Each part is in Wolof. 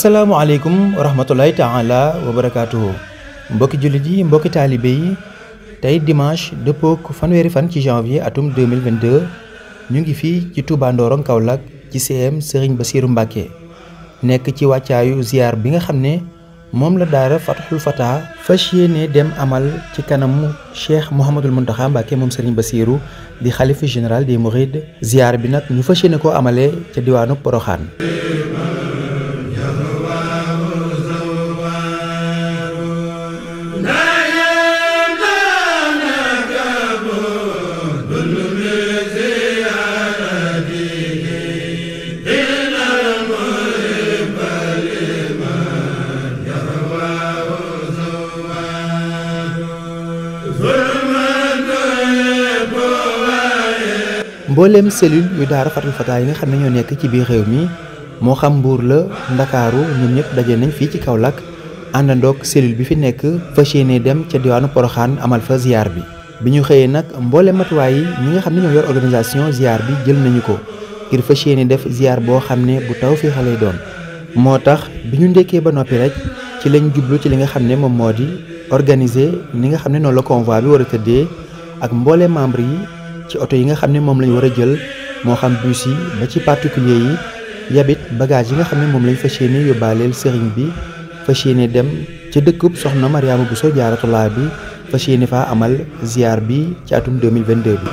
asalaamualeykum wa rahmatulahi taala wa barakaatuhu mbokki jullit yi mbokki taalibe yi tey dimanche dëppook fanweeri fan ci janvier atum 2022 ñu ngi fii ci Touba Ndorong Kaolack ci CM Serigne Bassirou Mbacké nekk ci wàccaayu ziar bi nga xam ne moom la daara Fatxul Fata fas yéene dem amal ci kanamu Cheikh Mouhamadul Mountakha Mbacké moom Serigne Bassirou di xalifa général des Mourides ziar bi nag ñu fas yéene koo amale ca diwaanu Poroxaan mboolem cellule yu daara Fatul Fataa yi nga xam ne ñoo nekk ci biir réew mi moo xam mbuur la ndakaaru ñoom ñëpp daje nañ fii ci Kaolack àndandoog cellule bi fi nekk fas yéene dem ca diwaanu Poroxaan amal fa ziar bi bi ñu xëyee nag mboole matuwaay yi ñi nga xam ne ñoo yor organisation ziar bi jël nañu ko ngir fas yéene def ziar boo xam ne bu taw fii xale doon moo tax bi ñu ndekkee ba noppi rek ci lañ jublu ci li nga xam ne moom moo di organiser ni nga xam ne noonu la convoi bi war a tëddee ak mboole membre yi ci oto yi nga xam ne moom lañ war a jël moo xam bus yi ba ci particulier yi yabit bagage yi nga xam ne moom lañ fas yéene yóbbaaleel sëriñ bi fas yéene dem ca dëkkub soxna Mariama Bousso Jaaratullaa bi fas yéene faa amal ziar bi ci atum 2022 bi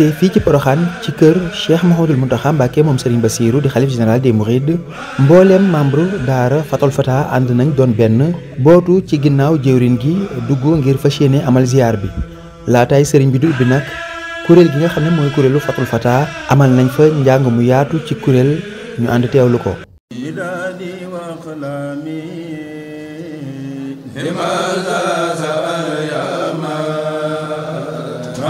agsee fii ci poroxaan ci kër Cheikh Mouhamadoul Mountakha moom Serigne Bassirou di xalif général mbooleem membre daara Fathul Fatah ànd nañ doon benn bootu ci ginnaaw jëwrin gi dugg ngir fas yéene amal ziar bi laataay sëriñ bi du ubbi nag kuréel gi nga xam ne mooy kuréelu Fathul Fatah amal nañ fa njàng mu yaatu ci kuréel ñu ànd teewlu ko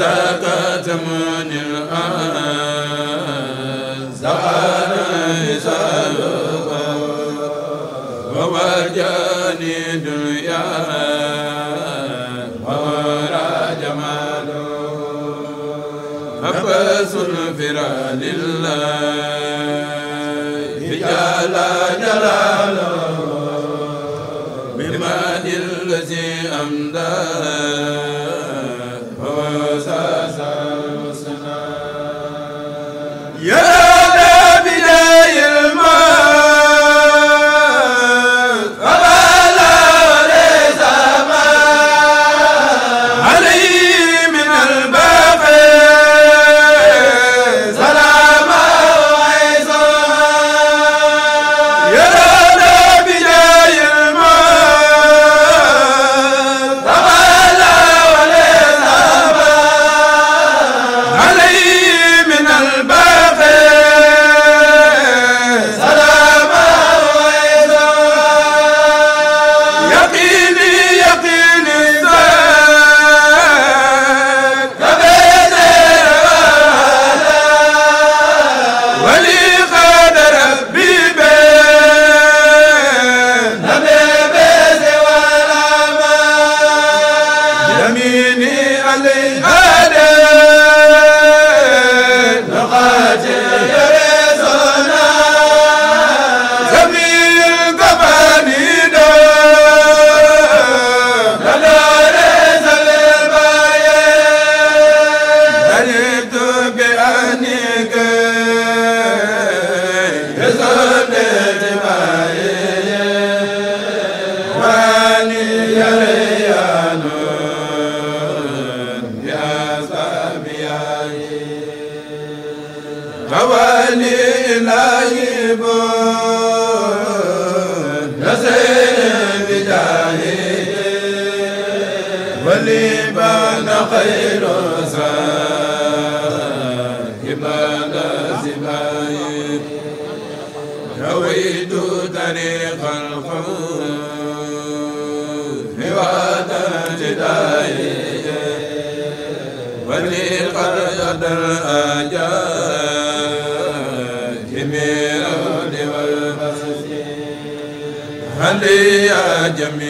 سكت من الآن زعل سلوكا ووجاني دنيا وورا جمال حبس الفرا لله بجال جلاله بمن الذي أمداه ولمن خير سائبان سباي نويت طريق الخوف هواة جداي ولقد الآجال جميل والمسجد هل يا جميل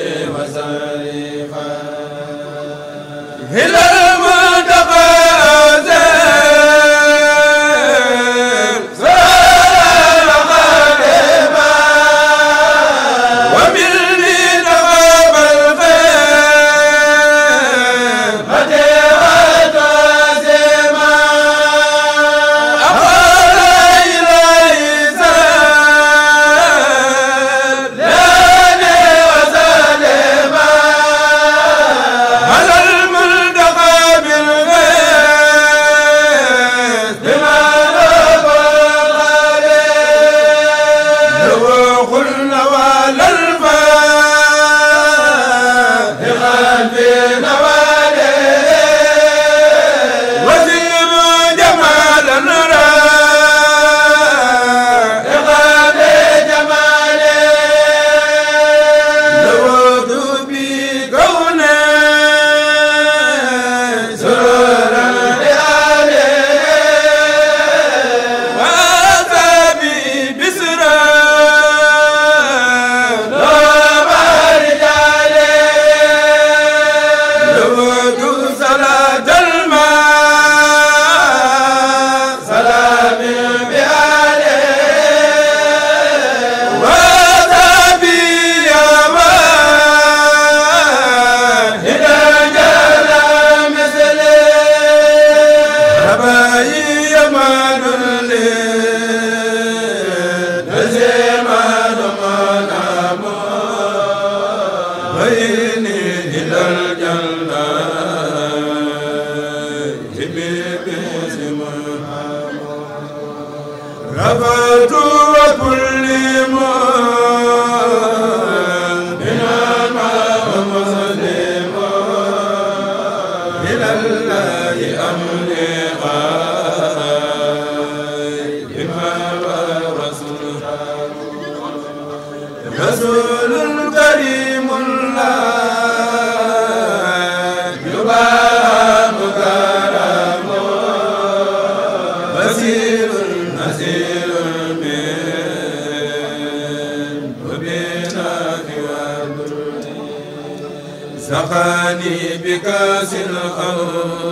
لي بكاس الأرض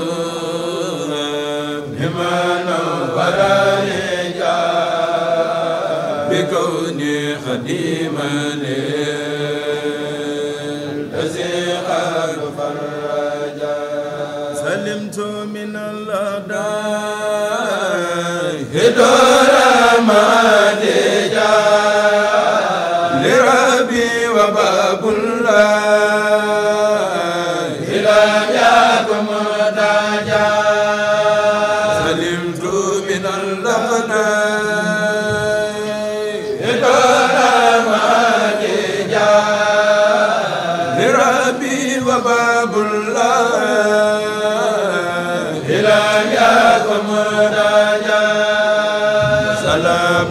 لما نورني جاء بكوني خديما للذي قد فرجا سلمت من الأعداء هدايا salaam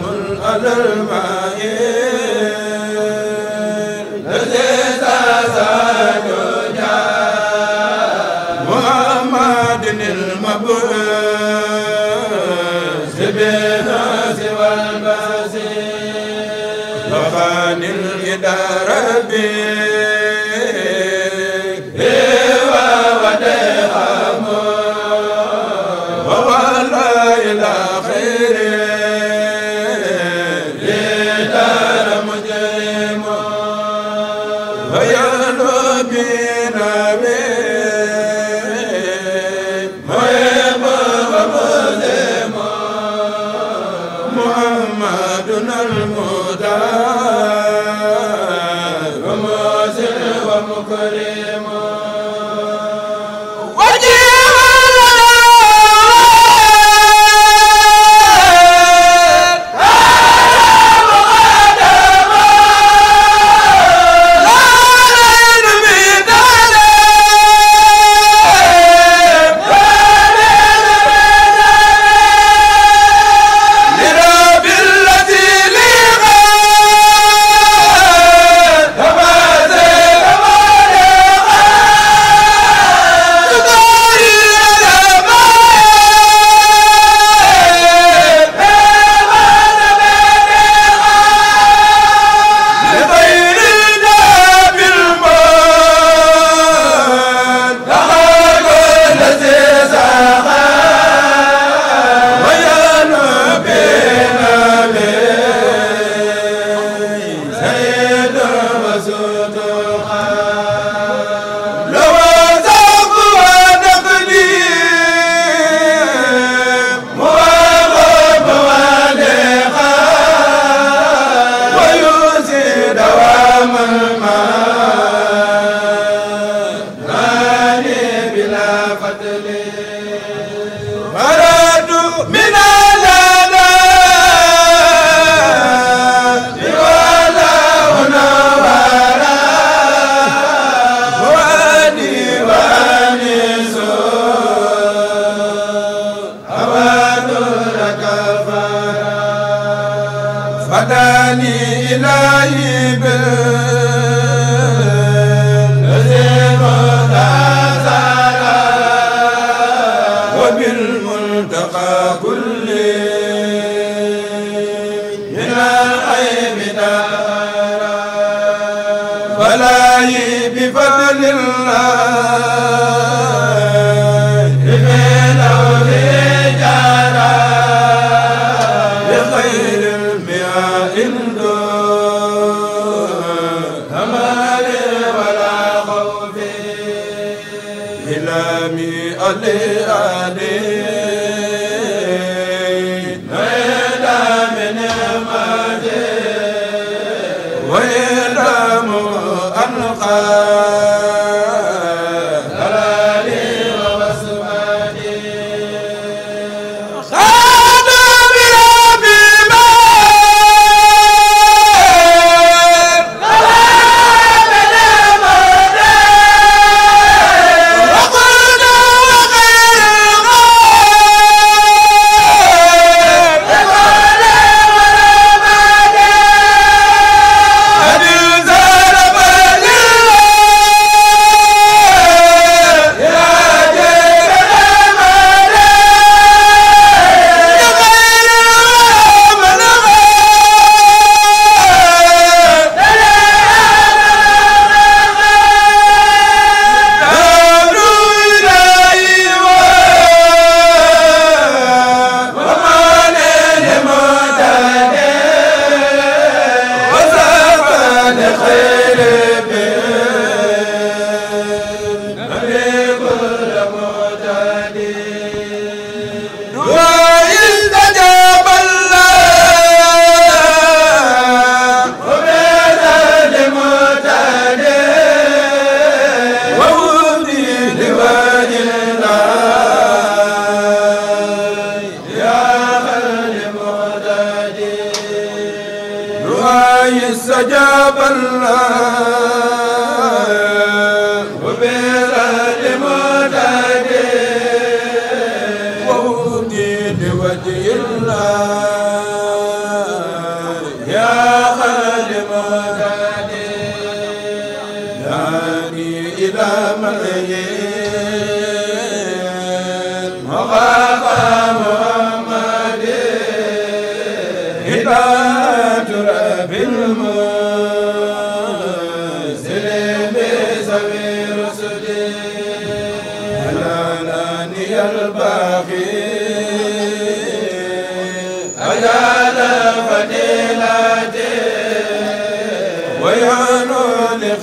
الله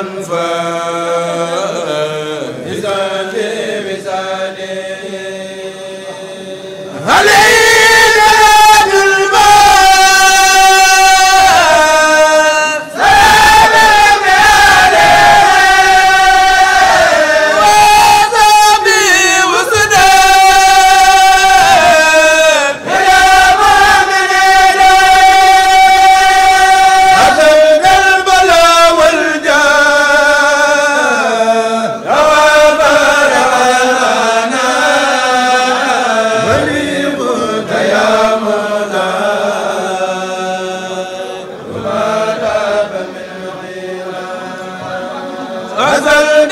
أنفاسا غزل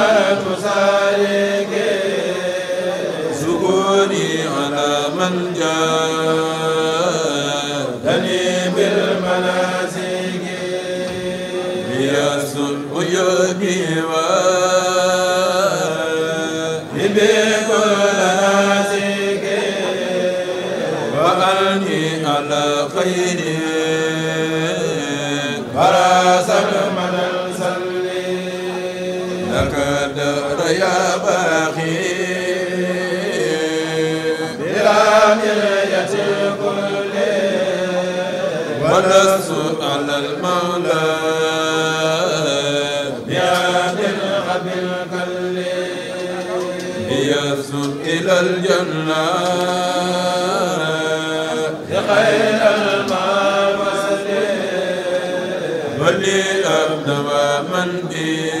بالآنية كل ولست على المولى بعد قبل كل يسر إلى الجنة خير المعبد ولي أبدى ومن بي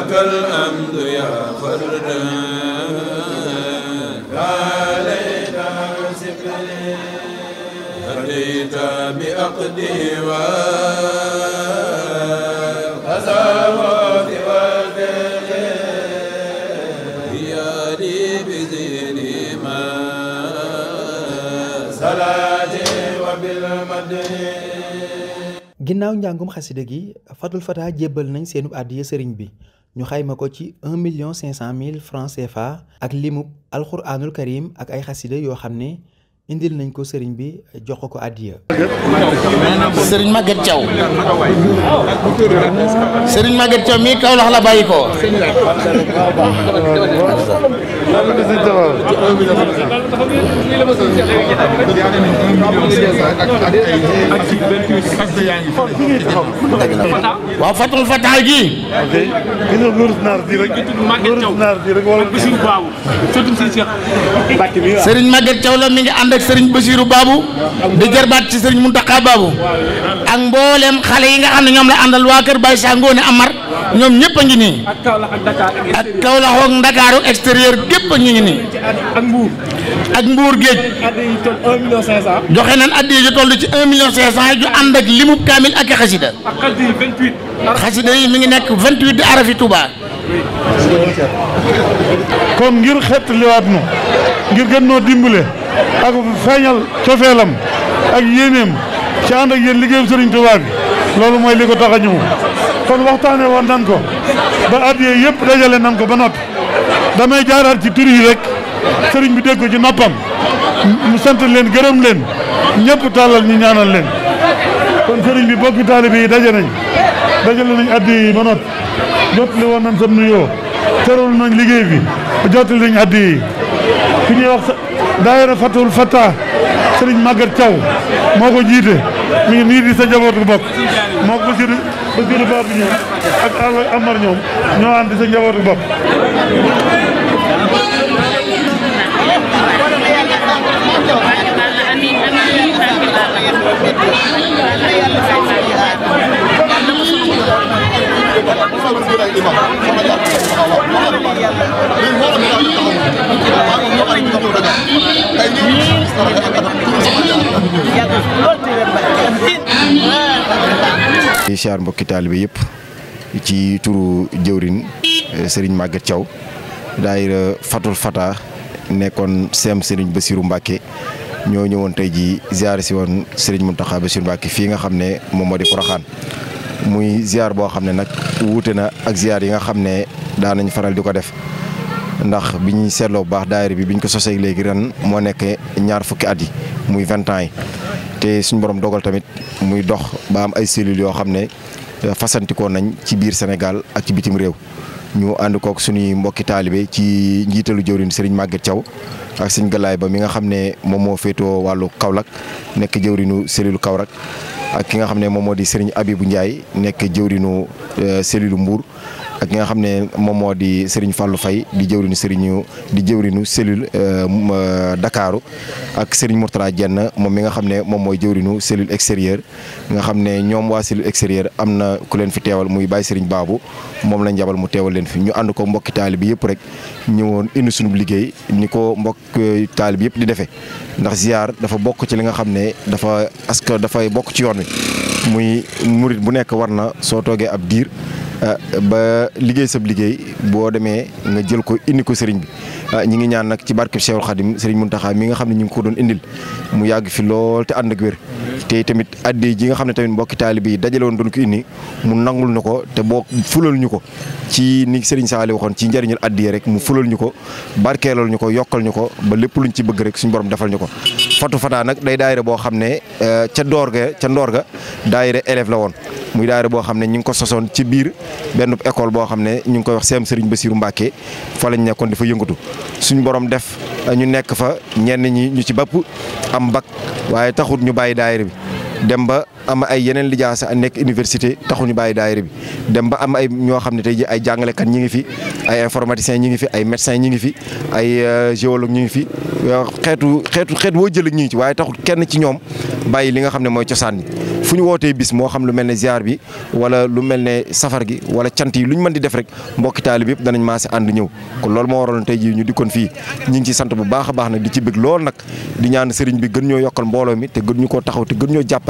لك الحمد يا فرد يا ليت سبلي هديت بأقدي وأزاوات والفعل يا لي بزين ما صلاتي وبالمدين ginnaaw njàngum xasida gi Fatul Fata jébbal nañ seenub àddiya sëriñ bi ñu xayma ko ci 1 million 500 mille francs fa ak limub alxuraanul karim ak ay xasida yoo xam ne indil nañ ko sëriñ bi jox ko àddiya sëriñ Maguette Thiaw sëriñ Maguette Thiaw mii Kaolack la bàyyi ko lan la si taxaw. waaw Fatul Fatal gi. ok gis nga Nourou Naar di la mi ngi ànd ak Serigne Bassirou Babou. jarbaat ci Serigne Mountakha Babou. ak mboolem xale yi nga xam ne ñoom la àndal waa kër Baye Amar. ñoom ñëpp a ngi nii. ak Kaolack ak Dakar ak Kaolack ak Ndakaaru extérieur gépp a ngi nii. ak Mbour. ak Mbour géej. joxe nañ addi yi toll ci million 500 ju ànd ak limub kaamil ak xasida. xasida xasida yi mi ngi nekk 28 di arafi Touba. kon ngir xett liwaat nu ngir gën noo dimbale ak feeñal cofeelam ak yéeneem ci ànd ak yéen liggéeyam Sëriñ Touba bi loolu mooy li ko tax a ñëw. kon waxtaane woon nan ko ba addiye yëpp dajale nan ko ba noppi damay jaaraat ci tur yi rek sëriñ bi dégg ko ci noppam mu sant leen gërëm leen ñëpp tàllal ñu ñaanal leen kon sëriñ bi bokki taalibe yi daje nañ dajale nañ addiye yi ba noppi jottali woon nañ sam nuyoo terul nañ liggéey bi jottali nañ addiye yi fi ñuy wax daayira fatul fata sëriñ Maguette caw moo ko jiite mi ngi nii di sa jaboot bokk moo ko ba biir baar bi ñëw ak àll amar ñoom ñoo ànd sa njabootu bopp. amiin amiin di siyaar mbokki taalibe yëpp ci turu jëwrin eh, Serigne Maguette Thiaw daayira Fatul Fata nekkoon seem Serigne Bassirou Mbacke ñoo ñëwoon tey ji ziare si woon Serigne Mountakha Bassirou Mbacke fii nga xam ne moom moo di Porokhane muy ziar boo xam ne nag wuute na ak ziar yi nga xam ne daan nañ faral di ko def ndax bi ñuy seetloo bu baax daayira bi biñ ko soseeg léegi ren moo nekk ñaar fukki at yi muy vingt ans yi te suñ borom dogal tamit muy dox ba am ay cellules yoo xam ne fasantikoo nañ ci biir Sénégal ak ci bitim réew ñu ànd kook suñuy mbokki taalibe ci njiitalu jëwriñ Serigne Maguette Thiaw ak sëñ Galaay ba mi nga xam ne moom moo féetoo wàllu Kaolack nekk jëwriñu cellule Kaolack ak ki nga xam ne moom moo di Serigne Abibou Ndiaye nekk jëwrinu euh, cellule Mbour ak nga xam ne moom moo di Serigne Fallou Faye di jëwriñu Serigne di jëwriñu cellule euh, euh, dakaaru ak Serigne Mourtala jenn moom mi nga xam ne moom mooy jëwriñu cellule extérieure nga xam ne ñoom waa cellule extérieure am na ku leen fi teewal muy Baye Serigne baabu moom lañ jabal mu teewal leen fi ñu ànd ko mbokki taalibe yëpp rek ñëwoon indi sunub liggéey ni ko mbokki euh, taalibe yëpp di defee ndax ziar dafa bokk ci li nga xam ne dafa que dafay bokk ci yoon wi muy murit bu nekk war na soo toogee ab diir. Euh, ba liggéey sab liggéey boo demee nga jël ko indi ko sëriñ bi euh, ñi ngi ñaan nag ci barkeb Cheikhul Khadim sëriñ mun Mountakha mi nga xam ne ñu ngi ko doon indil mu yàgg fi lool te ànd ak wér te tamit addi ji nga xam ne tamit mbokki taalibe yi dajale woon doon ko indi mu nangul ñu ko te boo fulal ñu ko ci ni sëriñ Saali waxoon ci njëriñul addi rek mu fulal ñu ko barkeelal ñu ko yokkal ñu ko ba lépp luñ ci bëgg rek suñ borom defal ñu ko Fatou Fata nag day daayira boo xam ne euh, ca door ga ca ndoor ga daayira élève woon muy daayira boo xam ne ñu ngi ko sosoon ci biir benn école boo xam ne ñu ngi koy wax CM Serigne Bassirou Mbacke fa lañ nekkoon di fa yëngatu suñu borom def ñu nekk fa ñenn ñi ñu ci bapp am bac waaye taxut ñu bàyyi daayira bi. dem ba am ay yeneen lijaasa a nekk université taxuñu bàyyi daayira bi dem ba am ay ñoo xam ne tey ji ay jàngalekat ñi ngi fi ay informaticiens ñi ngi fi ay médecins ñi ngi fi ay euh, géologue ñi ngi fi euh, xeetu xeetu xeet woo jël ñi ngi ci waaye taxul kenn ci ñoom bàyyi li nga xam ne mooy cosaan yi fu ñu wootee bis moo xam lu mel ne ziar bi wala lu mel ne safar gi wala cant yi lu ñu mën di def rek mbokki taalib yëpp danañ maase ànd ñëw kon loolu moo waroon tey jii ñu dikkoon fii ñu ngi ci sant bu baax a baax nag di ci bëgg lool nag di ñaan sëriñ bi gën ñoo yokkal mbooloo mi te gën ñu koo taxaw te gën ñoo jàpp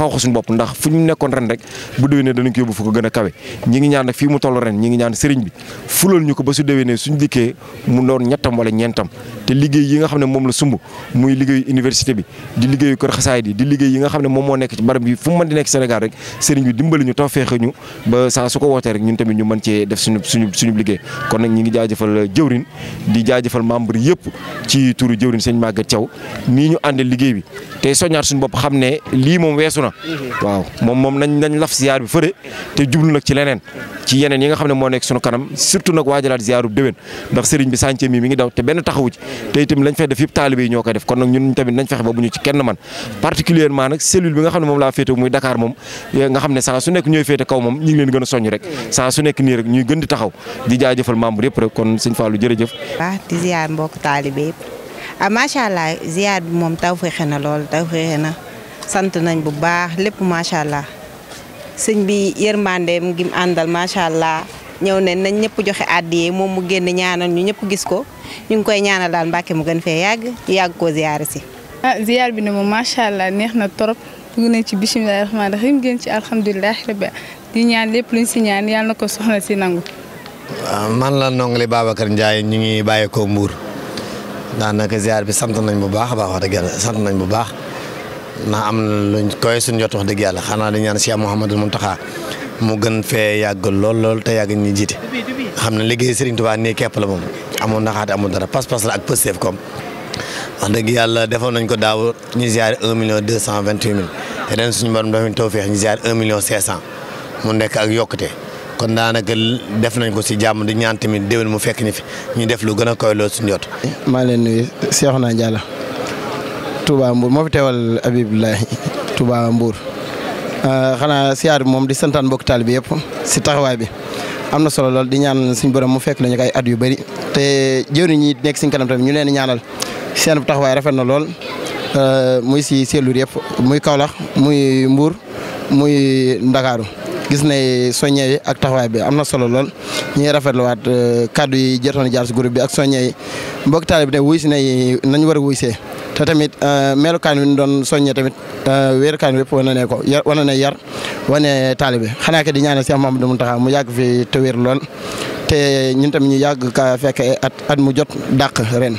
dafa wax suñu bopp ndax fu ñu nekkoon rek bu déwénee danañ ko yóbbu fu ko gën a kawe ñi ngi ñaan nag fii mu toll ren ñi ngi ñaan sëriñ bi fulal ñu ko ba su déwénee suñu dikkee mu doon ñettam wala ñeentam te liggéey yi nga xam ne moom la moo nekk ci barab bi fu mu mën di nekk Sénégal rek sëriñ bi dimbali ñu tawfeex ñu ba saa su ko wootee rek ñu mën cee def suñu suñu suñu liggéey kon nag ñi ngi jaajëfal jëwrin di jaajëfal membre yëpp ci turu jëwrin sëñ Maguette Thiaw nii ñu àndee liggéey bi ah waaw moom moom nañ nañ laf ziar bi fëre te jublu nag ci leneen ci yeneen yi nga xam ne moo nekk sunu kanam surtout nag waajalaat ziaru déwén ndax sëriñ bi sànce mi mi ngi daw te benn taxawu ci kenn man particulièrement nag cellule bi nga xam ne moom laa féete muy Dakar moom nga xam ne saa su nekk ñooy kaw moom a soññ ñuy gën di taxaw di jaajëfal membre yëpp rek kon sëñ Fallou jërëjëf ah macha allah ziar bi moom taw fexe na lool taw sant nañ bu baax lépp macha allah sëñ bi yërmandeem gi mu àndal macha allah ñëw ne nañ ñëpp joxe àddiyee moom mu génn ñaanal ñu ñëpp gis ko ñu ngi koy ñaanal daal Mbàkke mu gën fee yàgg ñu yàgg koo ziyaare si. ah ziyaar bi ne moom macha allah neex na trop dugg nañ ci bisimilah rahmaani génn ci alhamdulilah rabbi ñaan lépp luñ si ñaan na ko soxna si nangu. Ah, man la Ndongali Babacar Ndiaye ñu ngi bàyyeekoo Mbour daanaka ziar bi sant nañ bu baax a baax wax yàlla sant nañ bu baax. ndax am na luñ koy suñ jot wax dëgg yàlla xanaa di ñaan Cheikh Mouhamadou Mountakha mu gën fee yàgg lool lool te yàgg ñi jiit xam ne liggéey Serigne Touba nii képp la moom amul ndaxaate amul dara pas-pas la ak pësteef comme wax dëgg yàlla defoon nañ ko daaw ñu ziare un million deux cent vingt huit suñu borom dafa ñu tawfeex ñu ziare un million cinq cent mu nekk ak yokkute kon daanaka def nañ ko si jàmm di ñaan tamit déwén mu fekk ñu fi ñu def lu gën a koy lool suñu jot. maa leen nuyu Cheikhouna Diallo Touba Mbour moo fi teewal Abibulahi Touba Mbour euh, xanaa siyaar bi moom di santaan mbokk taal bi yëpp si taxawaay bi am na solo lool di ñaan suñu borom mu fekk lañu ay at yu bëri te jëwriñ ñi nekk suñ kanam ñu leen di ñaanal seen taxawaay rafet na lool euh, muy si seelur yëpp muy kawlax muy Mbour muy Ndakaaru gis ne soññe yi ak taxawaay bi am na solo lool ñu ngi rafetluwaat euh, kàddu yi jotoon jaar si groupe bi ak soññe yi mbokk taal bi ne wuy si nañ war a wuysee te tamit euh, melukaan wi ñu doon soññee tamit wéerukaan wépp wane ne ko yar wane ne yar wane taalibe xanaa ke di ñaanal Cheikh Mamadou Mountakha mu yàgg fi te wér lool te ñun tamit ñu yàgg ka fekke at at mu jot dàq ren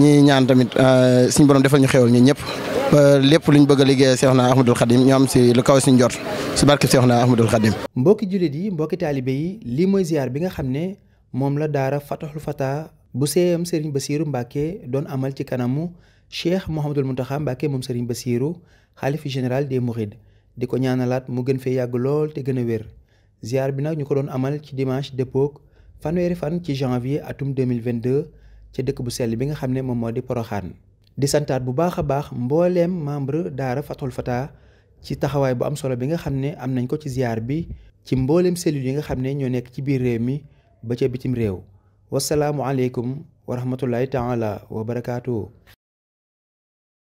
ñi ñaan tamit euh, suñu borom defal ñu xéwal ñun ñëpp lépp luñ bëgg liggéey Seexna Ahmadul Xadim ñoo am si lu kaw si njort si barke Seexna Ahmadul Xadim. mbokki jullit yi mbokki taalibe yi lii bi nga xam ne moom la daara Fatahul Fata bu seeyam Serigne Bassirou Mbacke doon amal ci kanamu. cheikh Mouhamadul Mountakha Mbacké moom Serigne Bassirou xaalif général des Mourides di ko ñaanalaat mu gën fee yàgg lool te gën a wér ziar bi nag ñu ko doon amal ci dimanche dëppook fanweeri fan ci janvier atum mille 2022 ci dëkk bu sell bi nga xam ne moom moo di Poroxaan. di santaat bu baax a baax mbooleem membre daara Fathul Fatah ci taxawaay bu am solo bi nga xam ne am nañ ko ci ziar bi ci mbooleem cellules yi nga xam ne ñoo nekk ci biir réew mi ba ca bitim réew wasalaamualeykum wa rahmatullahi taala wa barakaatu.